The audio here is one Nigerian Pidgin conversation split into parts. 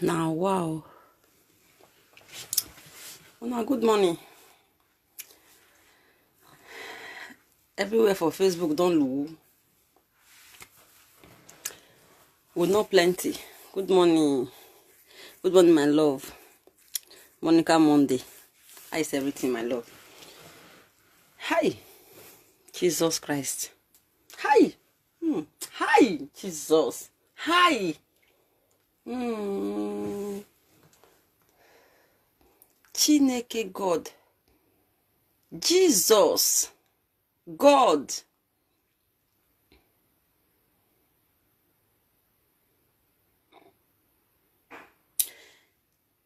Now, wow una oh, good morning everywhere for facebook don't lose. we know plenty good morning good morning my love monica monday how is everything my love hi jesus christ hi hmm. hi jesus hi. Hmm. chineke god Jesus, god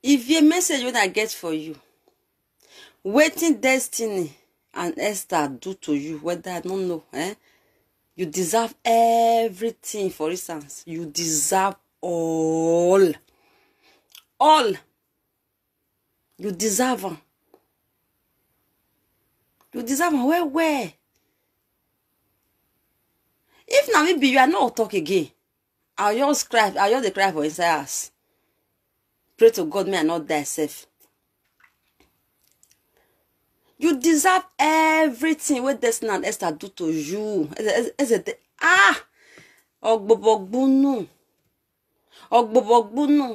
if a message wey i get for you wetin destiny and esther do to you whether i no know eh you deserve everything for instance you deserve all. All. You deserve You deserve Where, where? If na maybe you, are not talk again. I just cry. I just cry for inside us. Pray to God may I not die safe. You deserve everything What Destiny and Esther do to you. Is it ah, ogbogbonu ọ̀gbọ̀bọ̀gbónà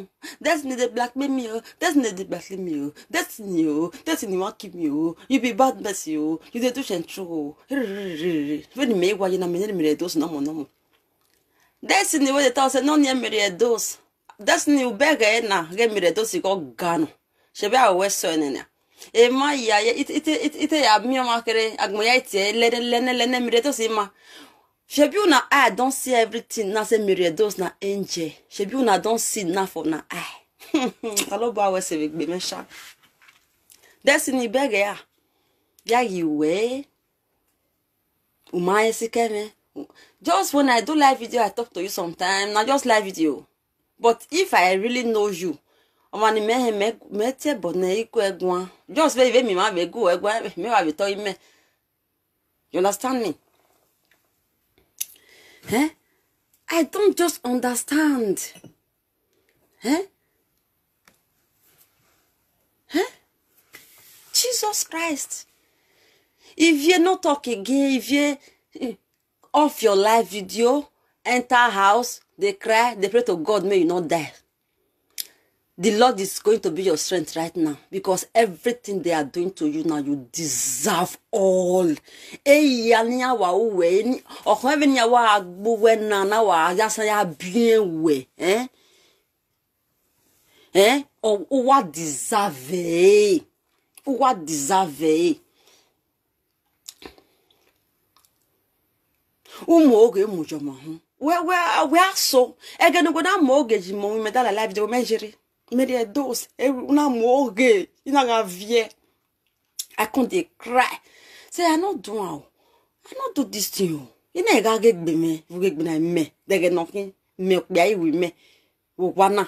destiny dey blackmail me o destiny dey blackmail me o destiny o destiny wan kill me o you be bad person o you dey do shentu o rrrrrrrr wey me wa yi na me mere dos nomo nomo destiny wey dey talk say no near mere dos destiny beg e na ge dose dos go gano shebe awo so nene ema ya ite ite ite ya mi o makere agmo ya ite lene lene lene mere dos ima shebi una eye don see everything Now say mirados na angel shebi una don see na for na eye alobo awesebegbe mesha destiny bẹgẹ a ya yiwe umaye sikeme just when i do live video i talk to you sometimes na just live video but if i really know you ọmọ ni mẹhẹ mẹtẹ but na ikú e ẹ̀gbọ́n just bẹẹ ibẹ mi máa bẹ gùn ẹ̀gbọ́n mi wà bẹ tọ imẹ you understand me. Eh? I don't just understand. Eh? Eh? Jesus Christ. If you not talk again, if you eh, off your live video, enter house, they cry, they pray to God, may you not die. The Lord is going to be your strength right now because everything they are doing to you now, you deserve all. Eh? Eh? Or what deserve? E. What deserve? ụmụ e. oge mụjọmahụ wee wee wee asụ egenugwena ma oge ji ma omumedala live dị omejiri mede dos una eh, moge ina ga vie i can't dey cry say i no do am i no do this thing o ina ga ge gbe me wo ge gbe na me oh. de ge nokin me pe ai wi me wo wa na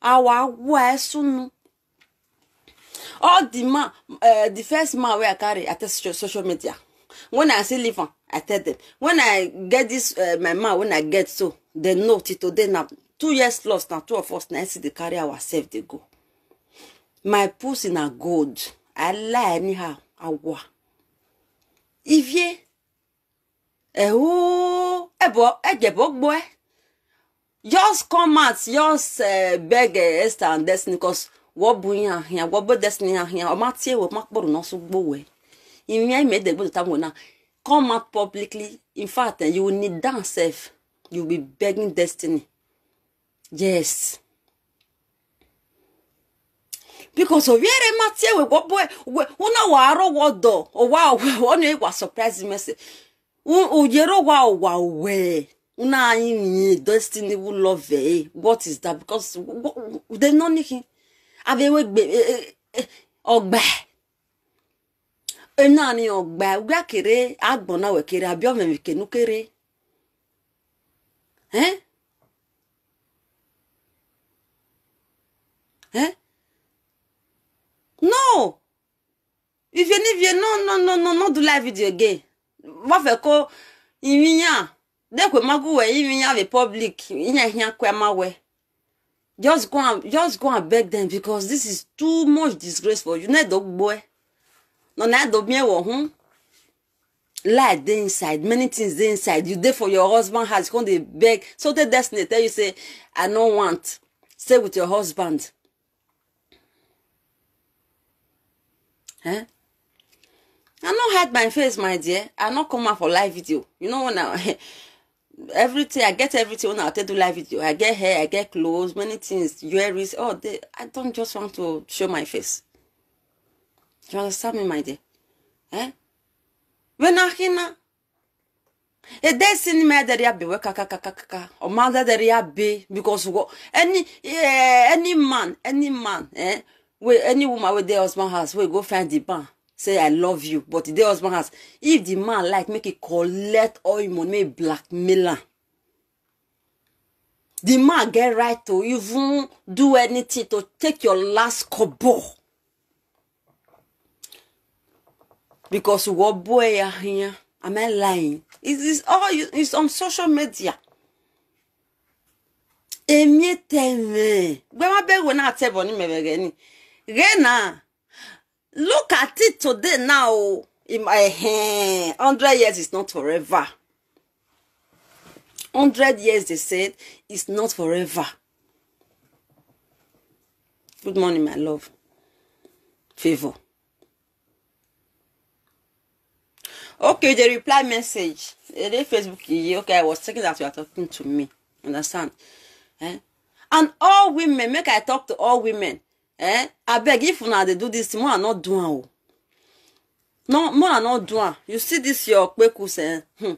awa wa all the ma, uh, the first man we i carry i tell social media when i see leave i tell them when i get this uh, my man when i get so they know till today na two years lost now. two of us na still dey carry ourselves They go my pussy na gold i lie anyhow awa ivie ẹ̀hó ẹ̀jẹ̀bọ̀ boy boy? just come out just uh, eh, beg uh, Esther and Destiny cause what boy? yín àhìn what boy Destiny àhìn ọmọ àti èèwọ̀ má pọ̀rọ̀ náà sún gbòòwò ẹ̀ ìrìn ẹ̀mí ẹ̀dẹ̀ gbọ́dọ̀ táwọn ẹ̀ now, come out publicly in fact uh, you will need dance. sef you be begging Destiny yes biko so viere mati ewegwe una ụwa ọ na-egwa surprise message ujere ụwa ụwa uwe una anyị nye destiny will love eh what is that because they know nikin abẹ ewegbe kere kere eh Hein? Eh? No! If you need you no no no no not do live video again. What if ko imiya? Dekwe magu we imiya the public. Inya hiya kwe mawe. Just go and just go and beg them because this is too much disgrace for you. Need dog boy. No na dog me wo hun. Lie dey inside. Many things dey inside. You there for your husband has Come dey beg. So the destiny tell you say I no want. Stay with your husband. Eh? I not hide my face, my dear. I not come out for live video. You know now. everything I get everything when I tell do live video. I get hair, I get clothes, many things, jewelries. Oh, they, I don't just want to show my face. you understand me, my dear? Eh? When I hear ɛdɛ si ni mɛ dɛri abe wɛ kakakakaka ɔmɔ adɛ dɛri be because wɔ ɛni ɛɛ any man any man Eh? wey any woman wey dey husband house wey go find the man say i love you but dey husband house if the man like make he collect all him money make he blackmail am the man get right to even do anything to take your last kobo because wọ́n boy ẹ̀yà hìyàn am I lying Is this all you it's on social media Emi èmi tẹ̀wé gbẹ́wọ́n bẹ́ẹ̀ wọ náà tẹ̀ bọ̀ ní mẹ̀rẹ̀rẹ̀ ni ghana look at it today now in my hand, eh, hundred years is not forever hundred years they said is not forever good morning my love Favor. okay the reply message eh, the facebook eh, okay i was thinking that you are talking to me understand eh? and all women make i talk to all women eh I beg if una dey do this, more are not doing oh no more are not doing you see this your kpekus eh hmm.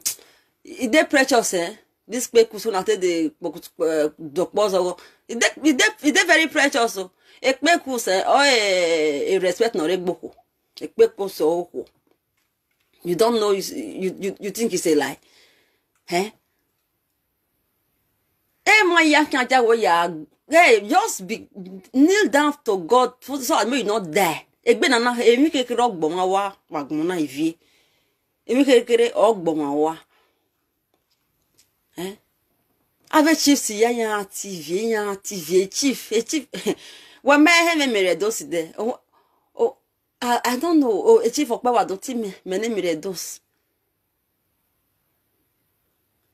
it e dey precious eh dis kpekus una take dey dokpo zogo it dey very precious o ekpekus eh oh eh e respect na oregboko ekpekus okwo you don't know you you you think it's a lie eh man yak yan tell ya hey just be kneel down to god so that make you egbe na emi kekere ọgbọnwa wa wagun na ivie emi kekere ọgbọnwa wa ave chief si ya ya tv ya tv chief chief wẹmẹ ẹhẹmẹ mẹrẹ dosi dẹ o i don't know o chief wa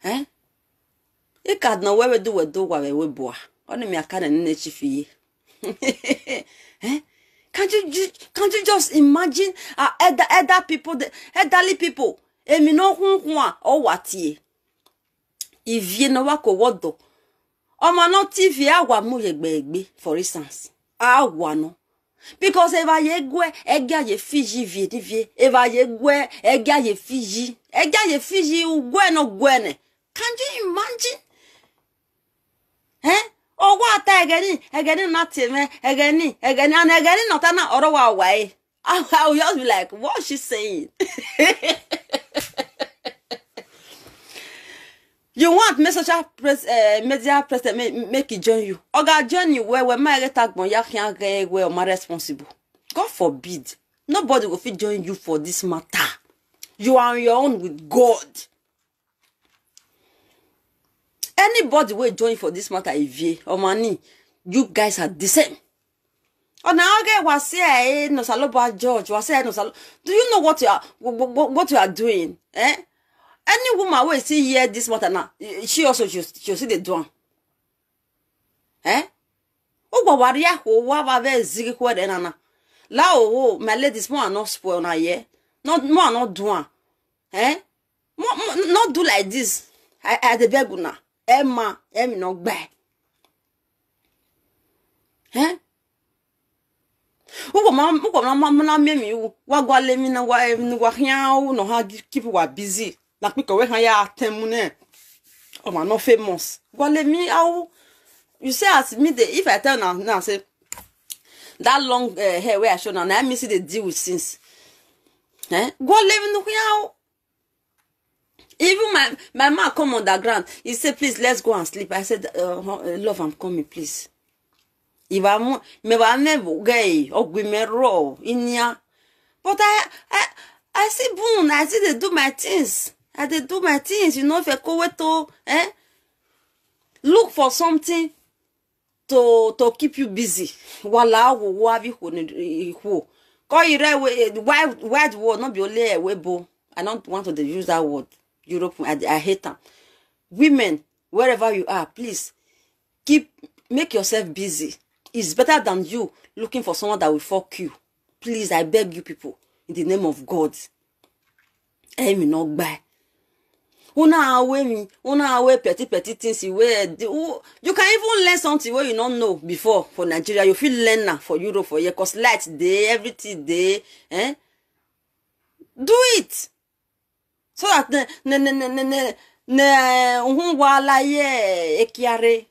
Eh? ịka na wewedu wedu ụgwa wee webụa ọ na m ya ka na nne chifu ihe eh? Can't you, can't you just imagine uh, elder, elder people, the elderly people? Èmi no hun hun o watie. Ivie no wa ko wodo. Ọmọ no TV agwa mụ yegbe egbe for instance. agwa no. Because if I yegwe, ega ye fiji vie di vie. If I yegwe, ye fiji. Ega ye fiji u gwe no gwene. Can you imagine? ọgwọ ata egeni egeni natime egeni egeni and egeni nọta na ọrụwa waye I will just be like, what she saying? you want eh, eh, make social press uh, media president make, make e join you oga join you well well my get agbon ya kian get egwe ma responsible god forbid nobody go fit join you for this matter you are on your own with god anybody wey join for dis matter evie omani you guys are the same ọ̀nà ọ̀gẹ́ wá sí ẹ̀ nọ̀sálọ́bà george wá sí ẹ̀ nọ̀sálọ́ do you know what you are what, you are doing eh? any woman wey see hear dis matter now she also she, she still dey do am eh? ó gbàgbàrí àpò wá bá bẹ́ẹ̀ zigi kú ẹ̀dẹ̀ nana láòwò my ladies mo àná spoil na yẹ mo àná dùn Eh. mo no do like this i i dey beg una ema emi no gbe eh ugo ma ugo ma ma na mi wu wa gwa le mi na wa ni wa hiao no ha keep wa busy la pe ko we han ya temu ne o ma no famous gwa le mi au you say as me the if i tell now now say that long uh, hair wey i show now na me see dey deal with since eh gwa le mi no hiao even my my man come underground he said, please let's go and sleep i said uh-huh, uh, love i'm coming please never ìbámu mẹbàámẹbù gẹ̀ẹ́ ọ̀gbìnmẹ̀rọ̀ ìníà but i i i see boon i still "They do my things i they do my things you know if go to eh, look for something to to keep you busy wàhálà awòwò abihu ni ihu kọ́ ìrẹ́ why wide world Not be only ẹ̀wẹ́ bo i don't want to use that word europe i, I hate am women wherever you are please keep make yourself busy it's better than you looking for someone that will fuck you please i beg you people in the name of god ẹ̀mí náà gbà ẹ́ una awe me una awe petty petty things you wey you can even learn something where you don't know before for nigeria you feel learn for europe for here cause light day everything day. eh? do it so that ne ne ne ne ne ne ohun wa alaye ekiare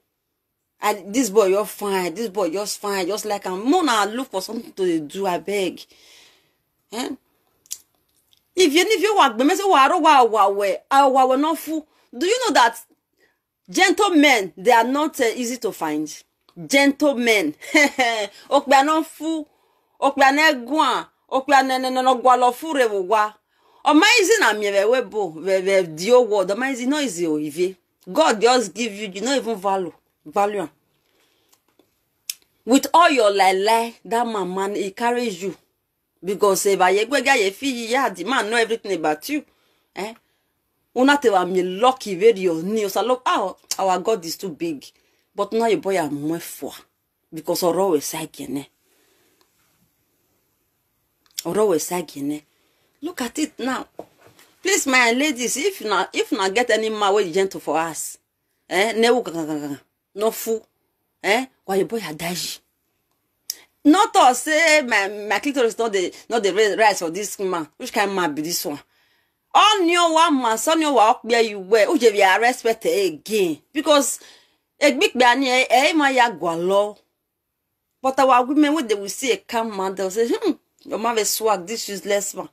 and this boy just fine this boy just fine just like I'm. more na look for something to do. I beg. eh? if you if you wa gbeme say wàá rọwà àwàwẹ àwàwẹ no fún do you know that gentlemen they are not uh, easy to find gentlemen ọpẹ no fún ọpẹ àná ẹgùn à ọpẹ àná no ọgbà lọ fún rẹ wò wá. Amazing na mie webo the your word. Amazing no is your evie. God just give you you not even value value. With all your lie lie that man man he carries you because eba yegbega ye fi ya the man know everything about you. Eh? Una te wa mi lucky very ni o sa look ah our God is too big. But now your boy am more for because ọ̀rọ̀ we sa gene. Ọ̀rọ̀ we sa gene look at it now please my ladies if na if na get any man wey gentle for us. eh newu gangan no full eh wayobo ya daji Not talk say eh, my my clitoris no dey no dey rise for this man which kind man be this one onion wa man onion wa ọpẹ you well o jẹbi i respect again because egbigbe ani ẹ ẹ my ya gwa lọ but our women when they will see a calm man dey say hmm your man dey swag this useless man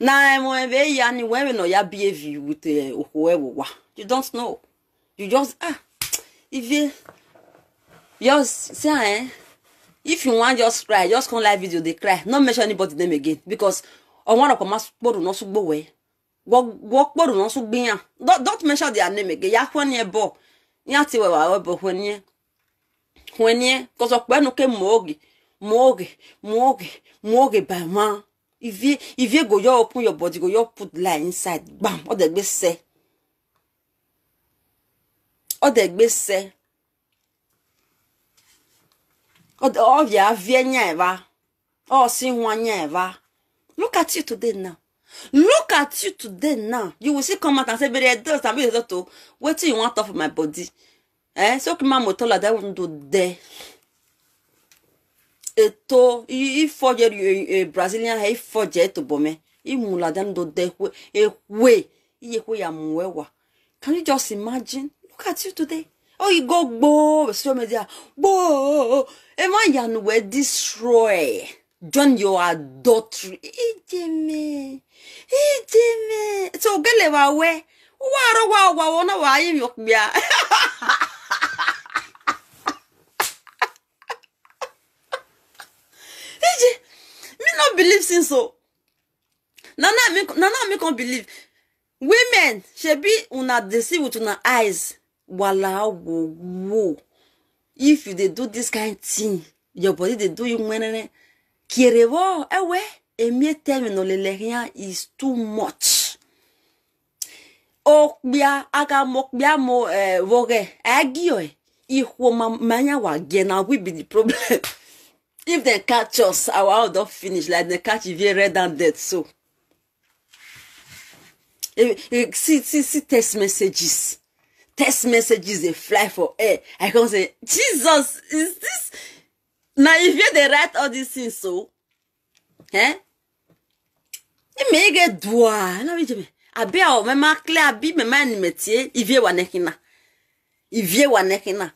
na emwebe ya ni wewe no ya behave with eh, ohoewo wa you don't know you just ah if you just say ah, eh if you wan just cry just come live video dey cry no mention anybody name again because ọwọn ọkọ ma kpọrọ náà sùgbọ wẹ wọ kpọrọ náà sùgbìn yàn don't mention their name again ya hwẹ ni ẹ bọ ya ti wẹ wà wẹ bọ hwẹ ni ẹ e. hwẹ ni ẹ kọsọ pẹnu ke mọ oge mọ oge mọ oge mọ oge bàmá. If you if you go you open your body, go you put lie inside. Bam, the best say. the best say. Oh yeah, have ever. Oh, see one ever. Look at you today now. Look at you today now. You will see come out and say, "Very adult, I'm very to What do you want off my body?" Eh? So, come on, motor like that. I won't do there eto ifɔdze e brazilian hɛ ifɔdze eto bɔmɛ imu la dani do de ehwe ehwe iye ko ya mu ɛwa can you just imagine look at you today oh you go gboo social media gboo emma yanu wɛ destroy join your adultery ijeme ijeme so ogele wa wɛ wa arɔ wa wa wɔna wa ayi mi ɔkpia. ije me not believe since so. Oh. Nana me Nana me come believe women shebi una dey see with una eyes wala wo wo if you they do this kind thing your body they do you Eh mwenene kierewo ewe emie terminal lelehian is too much okpia aka mokpia mo eh, woge agio woman manya wa gena we be the problem if they catch us our house don finish like they catch you're red and dead so see see see text messages text messages They fly for air i come say jesus is this na ivie dey write all these things so eh ime ige dua na bi jeme abi my mark clear abi mema ni metie ivie wa nekina ivie wa nekina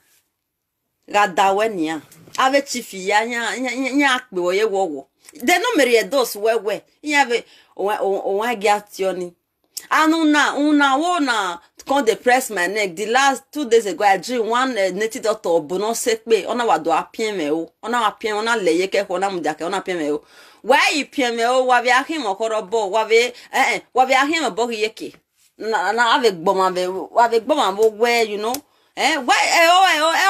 gadawe nia ave chifi ya nya nya akpe wo ye wowo de no mere ye dos wewe nya ve onwa gi ationi and una una una come dey press my neck the last two days ago i dream one uh, native doctor obuno say pé ọ̀nà wà dùn apíẹ̀ mẹ́ o ọ̀nà wà píẹ̀ ọ̀nà lẹ̀yẹ kẹ́kọ̀ọ́ ọ̀nà mùdàkẹ́ ọ̀nà píẹ̀ mẹ́ o wàá yìí píẹ̀ mẹ́ o wàá bí ahim ọ̀kọ́rọ̀ bọ̀ wàá bí ẹ̀ eh, ẹ̀ eh, wàá bí ahim ọ̀bọ̀ kì í yé kè na na wàá bí gbọ́mọ̀ wàá bí gbọ́mọ̀ wẹ́ you know ẹ̀ wẹ́ ẹ̀ ọ́ ẹ̀ ọ́ ẹ̀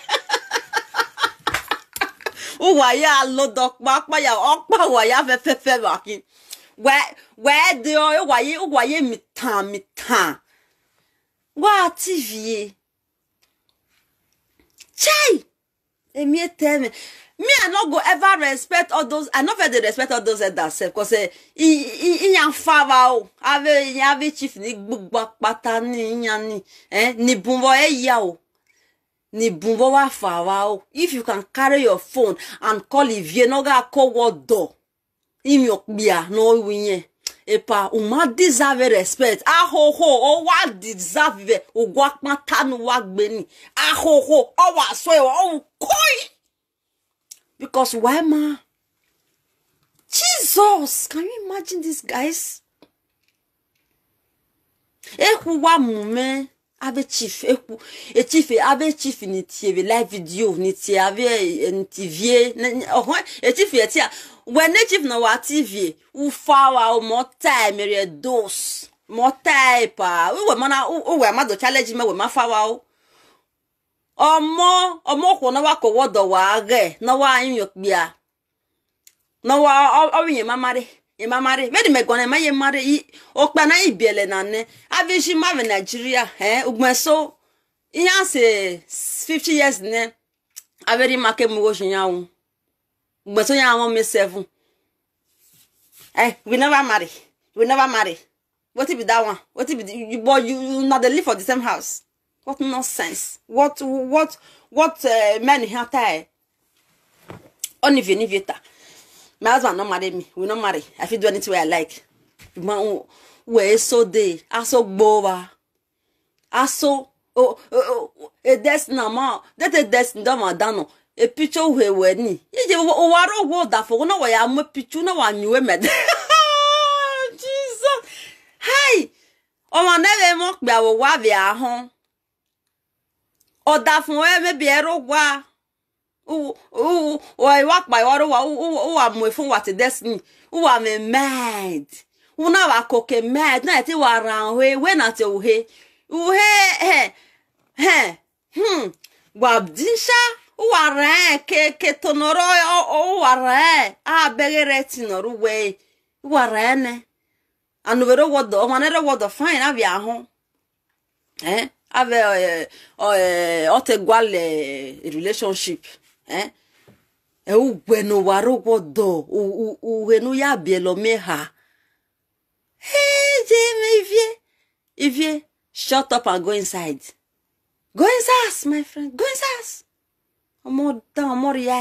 ụwa ya alụdọkpa akpa ya ọkpa ụwa ya fefefe maka wee dị ụwaye ụwaye mita mita gwa tivie chai emi eteme me i no go ever respect all those i no fit dey respect all those elders sef cos eh, iyan fara o ave iyan ave chief ni gbogbo apata ni iyan ni eh ni bunbọ eya o. nibumbowa fawa if you can carry your phone and call if you ivie noga kowo do im yokpia no winye epa uma deserve respect Aho ahoho owa deserve ogwa patanu wa gbeni ahoho owa so ewa owu koi because why ma jesus can you imagine these guys ekwuwa mume abe chief ekwu echief abe chief ni tie be live video ni tie abe ntivie ọhụ echief ya tie when echief na wa tv ufa wa mo time mere dos mo time pa we mana o we amado challenge me we ma fa wa o omo ọmọ kwọ na wa ko wodo wa ge na wa anyo bia na wa o yin mamare ima mari medi megwana ima ye mari i okpa na ibiele na ne avishi mave nigeria eh so. iya se fifty years ne averi make mugo shinyawu ugmeso ya won me seven eh we never marry we never marry what be that one what be the, you, but you, you not live for the same house what nonsense what what what uh, men here eh? tie onivie my husband no marry me we no marry i fit do anything wey i like man wey so dey aso gbova aso o o edesina ma a e wona wa ya mo na wa jesus hi ọmọ pé fún ẹ wakpawara ụwa mwefu wati destiny ụwa m mad una wakoke mad na eti wara uhe we na te uhe ụwa he he hmm ụwa ụwara ke ke tonoro ụwara oh, oh, abeghere tinoro we ụwara ene anubere wodo ọmanere wodo fine abịa ahụ eh ave ọ eh, ọ eh, ọ tegwale relationship Eh? Eh, ugwe na ụwa rụgwọ dọ uwe na ya bielome ha jeme ivie ivie shut up and go inside go inside my friend go inside house ọmọdé ọmọrì ya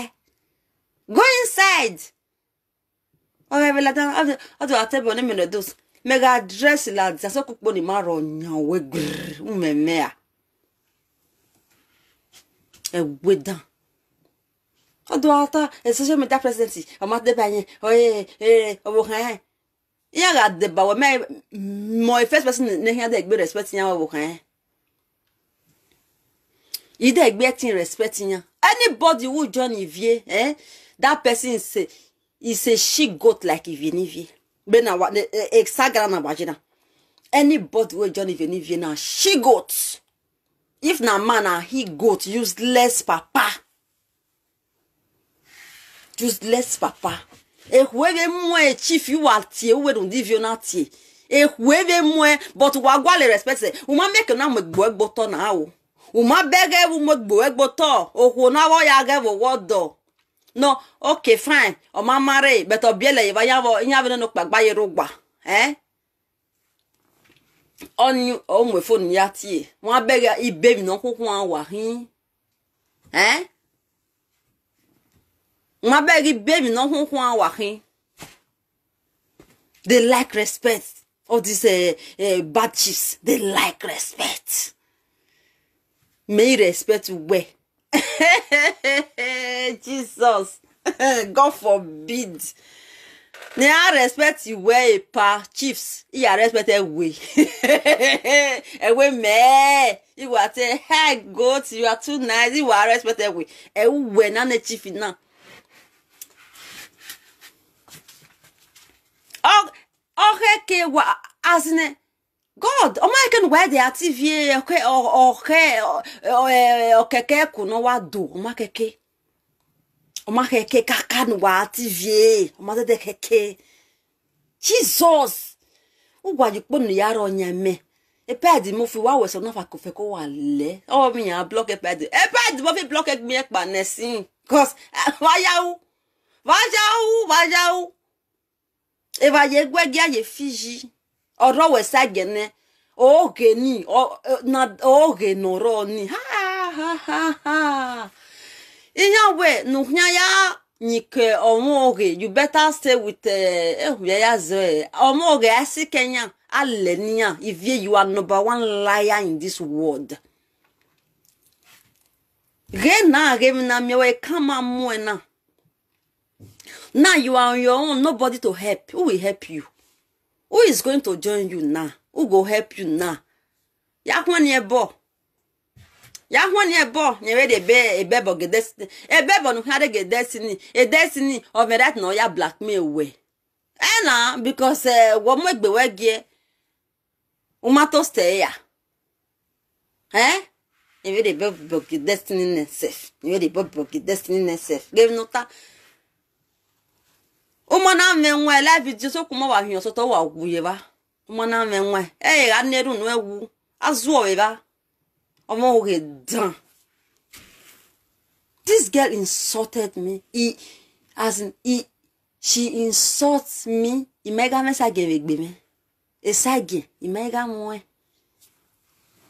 go inside ọrọ ẹbí lati ọdún àtẹbọ ní mẹnẹdọs mẹga dírẹsì la dasọkùpọ ní má rọ yàn wẹgbẹrẹ mẹmẹ a ẹgbẹ dán ọdún ata social media presidency ọmọ adébáyé ọyẹ ẹ ọwọ kan yẹn yàrá àdèbàwọ mẹ mọ ẹ first person ní kí n dẹ respect yẹn ọwọ kan yẹn yìí dẹ gbé respect yẹn anybody who join ivie eh, that person is a is a she goat like ivie nivie bẹ́ẹ̀ na wa exagara na wajina anybody who join ivie nivie na she goat if na man na he goat useless papa useless papa ehueve mue chifi wa tie dont give you na tie ehueve mue but wa gwale respect uma make na me gbo egbo to na awo uma bege wu mo gbo egbo to ohu na wo ya ge wo wodo no okay fine o ma mare but obiele ye ba ya wo nya vino no pagba ye rugba eh onu on my phone ya tie wa bege ibe mi no kokun wa hin eh ma begi baby no hun hun wahin they like respect all these uh, uh, bad chiefs they like respect may respect where jesus god forbid They are respect ìwé ìpa chiefs i a respect ẹwé ẹwé You are tẹ hey goat you are too nice You ìwà respect ẹwé ẹwé a chief now. ohe ke wa azine god omaiken wee de ativie ohe ohe okeke e, kuno wa do omakeke omakeke kakanu wa ativie omadede keke jesus ugwajikponu yara onyame epedi mo fi wá wẹ̀sọ̀ náà fàkọ̀fẹ́ kó wà lẹ́ ọwọ́ mi yàn á block Epe adi e mo fi block ẹgbẹ́ ẹ̀pà nẹ̀sìn cause wáyáwó wáyáwó wáyáwó. eva ye gwegia ye fiji oro wesa gene oge ni na oge noro ni ha ha ha ha ihe we nuhnya ya nyike omoge you better stay with ehubia eh, ya zo omoge asi kenya alenia if you are number one liar in this world ge na ge na miewe kama muena now you are on your own nobody to help who will help you who is going to join you now who go help you now ya kwanye ebo ya kwanye ebo nyere de ebe ebebo ge destiny ebebo no hare ge destiny e destiny of that no ya blackmail we ena eh because wo mo egbe we gie umato stay ya eh nyere de ebebo ge destiny nesef nyere de ebebo destiny nota umona menwe live jiso kuma wa hiyo so to wa guye ba umona menwe eh aneru no ewu azuo we ba omo oge dan this girl insulted me he as in he she insults me imega mesa gevegbe me esage e imega mwe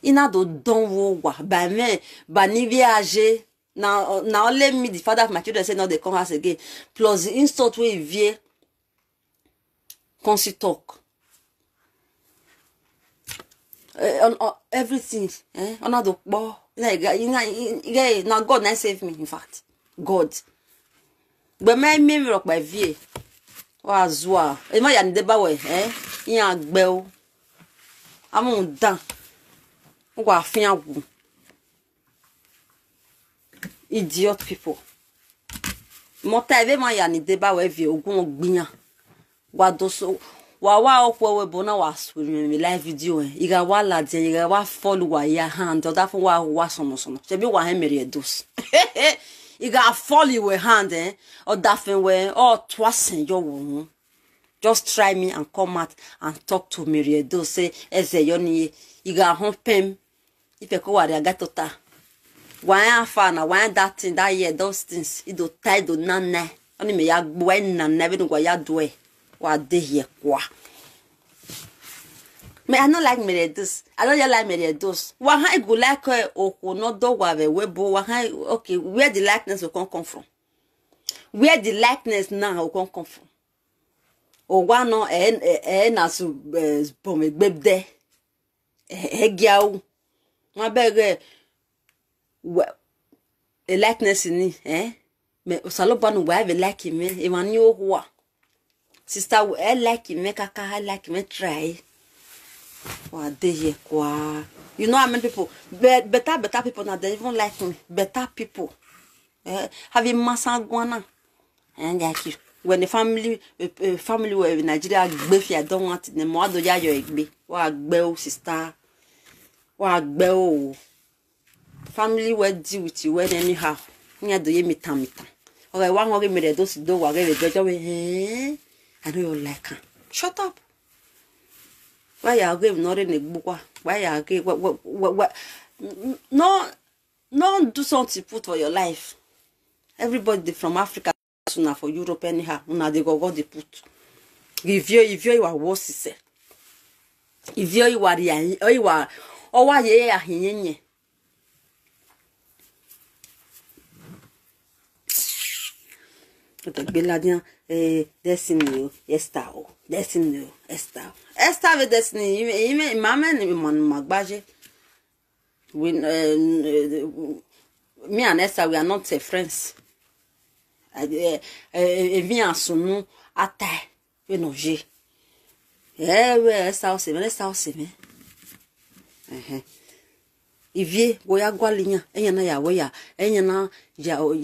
ina do don wo wa ba me ba ni viaje Now, uh, now let me the father of my children say no they come house again plus the insult wey evie come see eh, on everything eh On onadokpo now god now save me in fact god gbẹmẹ mímí rọpò evie wàá zuwa ẹ má yà ní débà wẹ ẹ yín àgbẹ o amóhùn dàn wọn kò àfihàn wù. idiot people mụta ebe ma ya na ideba wee vie ogwu gbinya wa wawa okwo we bona wa swiri me live video e iga wa la de iga wa follow wa ya hand oda fun wa wa somo somo se bi wa he mere dos iga follow we hand eh oda fun we o twasin yo wo just try me and come out and talk to me redo say eze yo ni iga hon pem ife ko wa re agatota wan afa na wan that thing that year those things ido ta ido nane oni me ya gbo e nane bi ngwa ya do e wa de here kwa me i no like me like i no just like me like those wa ha go like eh, oku no do wa we we bo wa ha okay where the likeness will come come from where the likeness now will come come from ogwa no e eh, e eh, na su bomegbe de e giawu ma bege likeness ni eh me usaloba no wa be like me e man yo ho sister we eh, like me kaka ha like me try wa de ye kwa you know how many people be, better better people now they even like me better people eh have a massa guana and like you when the family uh, family were in Nigeria gbe fi i don't want the wa do ya yo egbe wa gbe o sister wa gbe o family wey deal with you well anyhow nyadoye mita mita or i wan mere those do wage we jojo we eh i no like am shut up why why no no do something put for your life everybody from africa for europe anyhow una dey go go dey put ivio ivio iwa ivio iwa iwa owa ahinyenye Gbeladian eh, Destiny o Esther o Destiny o Esther o Esther ve Destiny ime imame ni manu magbaje we uh, me and Esther we are not uh, friends evi asunu ata we no je ewe Esther o se me Esther o se me ivie woya gwalinya enyana yawe ya enyana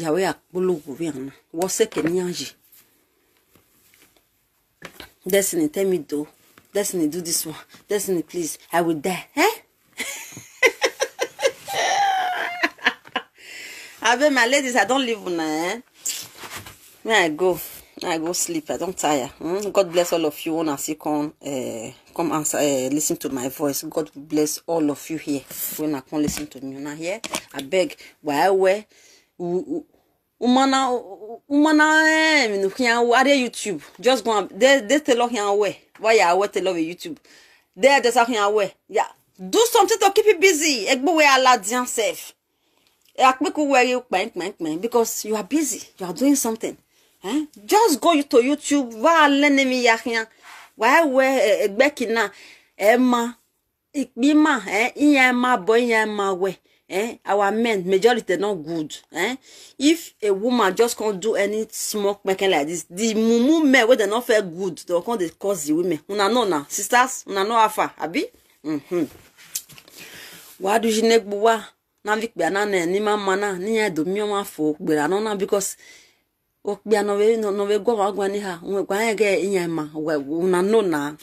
yawe ya kpologu viana woseke niyanji destiny tell me do. destiny do this one destiny please i will die eh abe my ladies i don't leave now. eh may i go may i go sleep i don't tire mm? god bless all of you una see come. Uh, come answer uh, listen to my voice god bless all of you here when i come listen to you now here i beg why where umana umana eh, are youtube just go they they tell you here where why you are tell us youtube they just are here where yeah do something to keep you busy egbo where safe. self akpeku where you peng peng peng because you are busy you are doing something eh? just go to youtube wa lenemi yahian wee wee egbekina ema ikpima ịnya ema abụọ ịnya ema wee eh, our men majority not good eh? if a woman just come do any small making like this the mumu men wey dem no feel good dem come dey cause the women una know na sisters una know how far abi mm-hmm. wadujinegbuwa na vikpe anana enima mana niya edomioma fo gbera nona because okpia nove gwa wagwani ha nwekwa anya ga inya ma una know na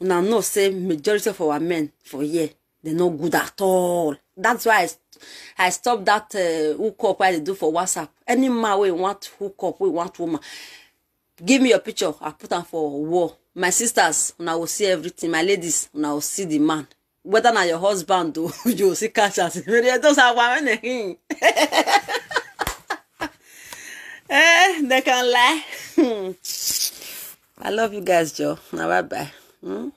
una know say majority of our men for here they no good at all that's why i i stop that uh, hook up i do for whatsapp any man we want hook up wey want woman give me your picture i put am for war. my sisters una will see everything my ladies una will see the man whether na your husband o you go see catch as those are women wey Eh, they can lie. I love you guys, Joe. Now, bye bye. Hmm?